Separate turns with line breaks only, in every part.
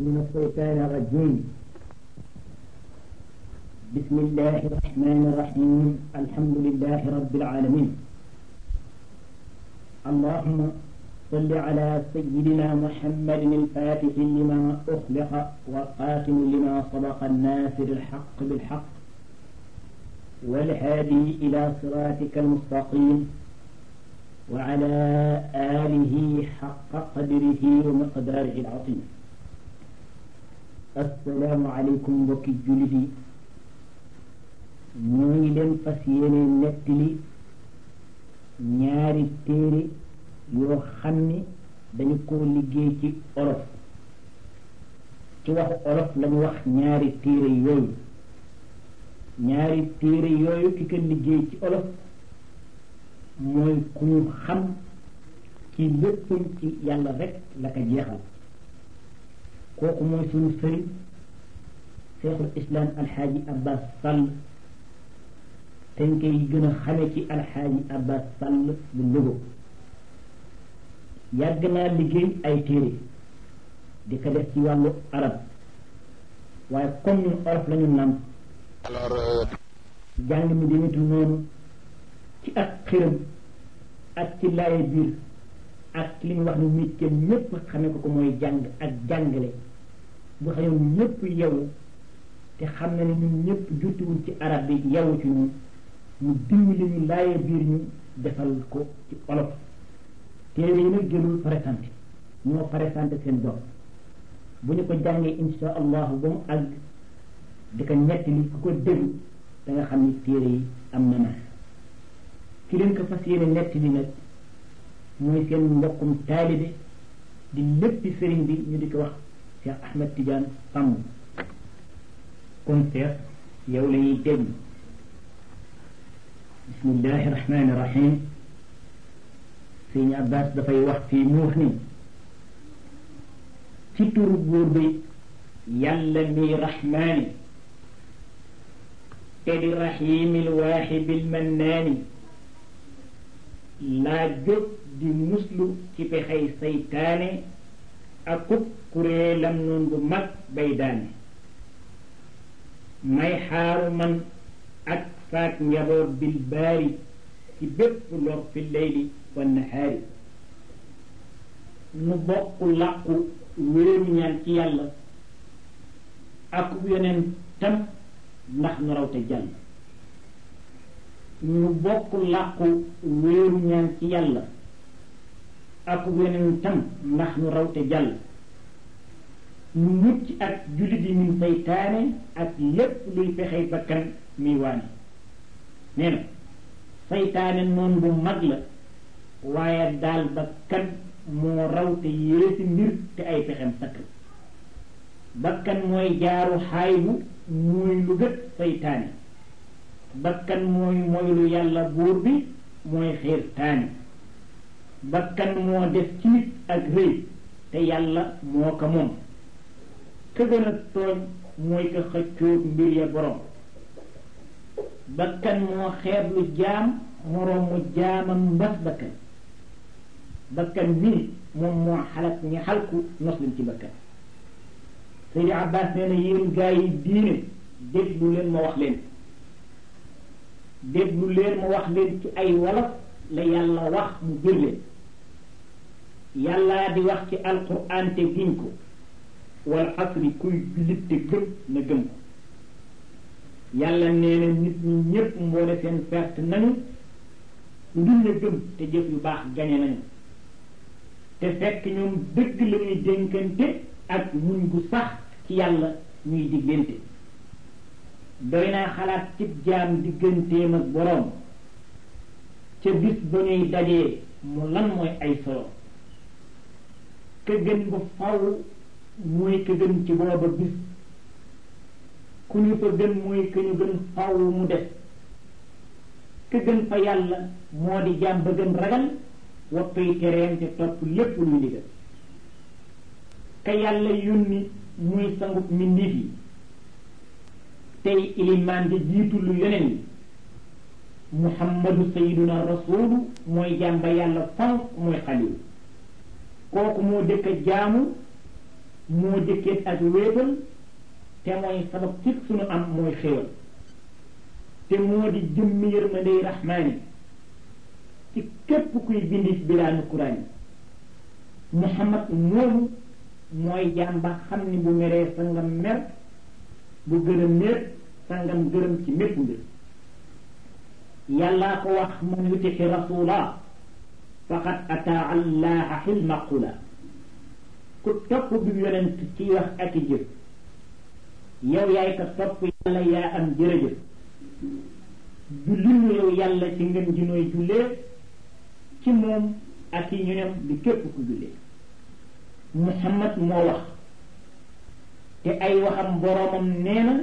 من الشيطان الرجيم بسم الله الرحمن الرحيم الحمد لله رب العالمين اللهم صل على سيدنا محمد الفاتح لما أخلق والقاتم لما سبق الناصر الحق بالحق والهادي إلى صراطك المستقيم وعلى آله حق قدره ومقداره العظيم asalaamaaleykum mbokki jullit yi ñoo ngi leen fas yéene nettali ñaari téere yoo xam ni dañu ko liggéey ci olof ci wax olof lañu wax ñaari téere yooyu ñaari téere yooyu ki ko liggéey ci olof mooy ku xam ci léppam ci yàlla rek la ko jeexal kooku mooy suñu sëriñ cheikhul islam alxaaji abbas sàll dañ koy gën a xame ci alxaaji abbas sàll bu Louga yàgg naa liggéey ay téere di ko def ci wàllu arab waaye kon ñun olof lañu nam alors euh, jàng mi demetul noonu ci ak xiram ak ci laaye biir ak li ñu wax ni nit kenn ñépp xame ko ko mooy jàng ak jàngale bu xew ñëpp yewu te xam na ne ñun ñëpp jottiwul ci arab bi yewu ci ñun mu dimbali ñu laaye biir ñu defal ko ci olof téere yi nag jëlul présenté ñoo présenté seen bopp bu ñu ko jàngee insha allahu ba mu àgg di ko ñettali ku ko déglu da nga xam ni téere yi am na na ki leen ko fas yéene nettali nag mooy seen mbokkum taalibe di léppi sëriñ bi ñu di ko wax Cheikh Ahmed Tidiane Samb kon Cheikh yow la ñuy dégg bismillahi rahmani rahim Sëñ Abbas dafay wax fii mu ni ci turu buur bi yàlla mi rahmaani te di rahimil waaxibil mannaani laa jóg di muslu ci pexey saytaane ak kub kuréelam nun bu mag bay daane may xaaru man ak faak njaboot bil baari ci bépp lor fi leyli wa nahaari nu bokk làqu wéeru ñaan ci yàlla ak yeneen tam ndax nu raw te jàll nu bokk làqu wéeru ñaan ci yàlla ak yonentam ndax nu raw te jàll nu mucc ak jullit yi min saytaane ak lépp luy fexey bakkan muy waane nee na saytaane noonu bu mag la waaye daal bakkan moo raw te yéesi mbir te ay pexem sakk bakkan mooy jaaru xaaybu muy lu gët saytaane bakkan mooy moylu yàlla buur bi mooy xiirtaane bakkan moo def ci nit ak rëy te yàlla moo ko moom ka gën tooñ mooy ko xëccoog mbir ya borom bakkan moo xeeblu jaam moroomu jaamam mbas bakkan bakkan bii moom moo xalaat ñi xalku nos leen ci bakkan Seydi Abbas nee na yéen gaa yi diine déglu leen ma wax leen déglu leen ma wax leen ci ay wolof la yàlla wax mu bir leen yàlla di wax ci alquran giñ ko wal asri kuy jullit te gëm na gëm ko yàlla nee na nit ñi ñépp mboole seen perte nañu ngir na gëm te jëf yu baax gañe nañu te fekk ñoom dëgg la ñuy dénkante ak muñ gu sax ci yàlla ñuy diggante doy naa xalaat cib jaam digganteem ak boroom ca bis ba ñuy dajee mu lan mooy ay solo ka gën ba faw mooy ka gën ci booba bis ku ñu fa gën mooy ka ñu gën faw mu def ka gën fa yàlla moo di jaam ba gën ragal wattuy tereem te topp lépp lu ñu ka yàlla yónni muy sangub mbindeef yi tey ilimaan ja jiitu lu yeneen yi muhammadu sayyiduna rasuulu mooy jaam ba yàlla fonk mooy xalilu kooku moo dëkk jaamu moo dëkkeet ak wéetal te mooy sabab ci suñu am mooy xéewal te moo di jëmmi yërmandey rahmaani ci képp kuy bindif bilaanu kuraan yi muhammad moomu mooy jaam ba xam ni bu meree sangam mer bu gërëm mépp sangam gërëm ci mépp yàllaa ko wax man yutixi rasulaa faqad ataa allaha xil maqula ku topp bi yonent ci wax ak i jëf yow yaay ka topp yàlla yaa am jërëjëf julli yow yàlla ci ngeen ji nooy jullee ci moom ak yi ñu nem di képp ku jullee muhammad moo wax te ay waxam boroomam nee na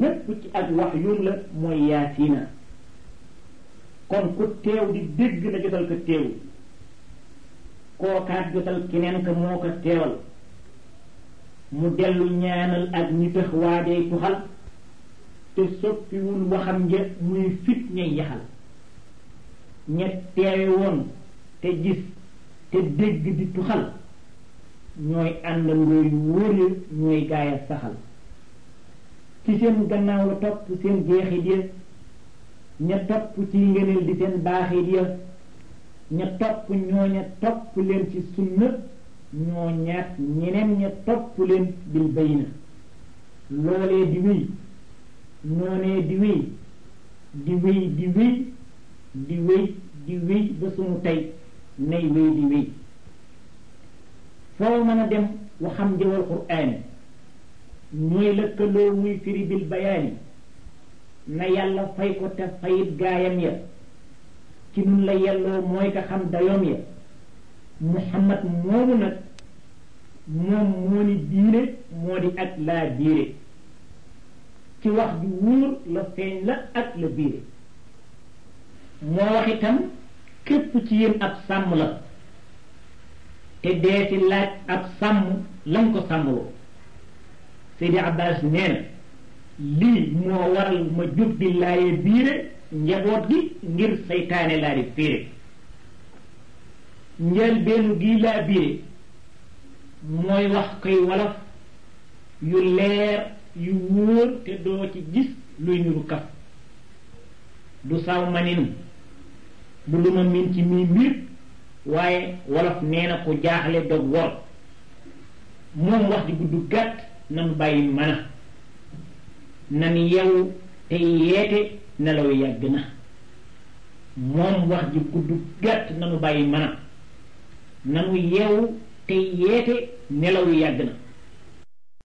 lépp ci ak wax yum la mooy yaasiina kon ku teew di dégg na jotal ko teew kookaat jotal keneen ka moo ko teewal mu dellu ñaanal ak ñi tëx waajee tuxal te soppiwul waxam njër muy fit ñay yaxal ña teewe woon te gis te dégg di tuxal ñooy àndandooy wóorle ñooy gaaya saxal ci seen gannaaw la topp seen jeexit ya ña topp ci ngëneel di seen baaxit ya ña topp ñooña topp leen ci sunna ñoo ñaat ñeneen ña topp leen bil bayna loolee di wéy noonee di wéy di wéy di wéy di wéy ba suñu tey nay wéy di wéy foo mën a dem waxam jawal qur'aani ñooy lëkkaloo muy firi bil bayaani na yàlla fay ko te fayit gaayam ya ci nun la yelloo mooy nga xam dayoom ya muhammad moomu nag moom moo ni diine moo di ak laa diire ci wax ju wóor la feeñ la ak la biire moo wax itam képp ci yéen ab sàmm la te dee ci laaj ab sàmm lañ ko sàmmloo Seydi Abbas nee na lii moo waral ma jóg di laaye biire njaboot gi ngir seytaane laa di féere njëlbeenu gii laa biire mooy wax koy wolof yu leer yu wóor te doo ci gis luy niru kaf du saw maninu du lu ma ci mii mbir waaye wolof nee na ko jaaxle dog wor moom wax ji gudd gàtt nanu bàyyi mana nan yew te yeete nelaw yàgg na moom wax ji gudd gàtt nanu bàyyi na nanu yeewu te yeete nelaw yàgg na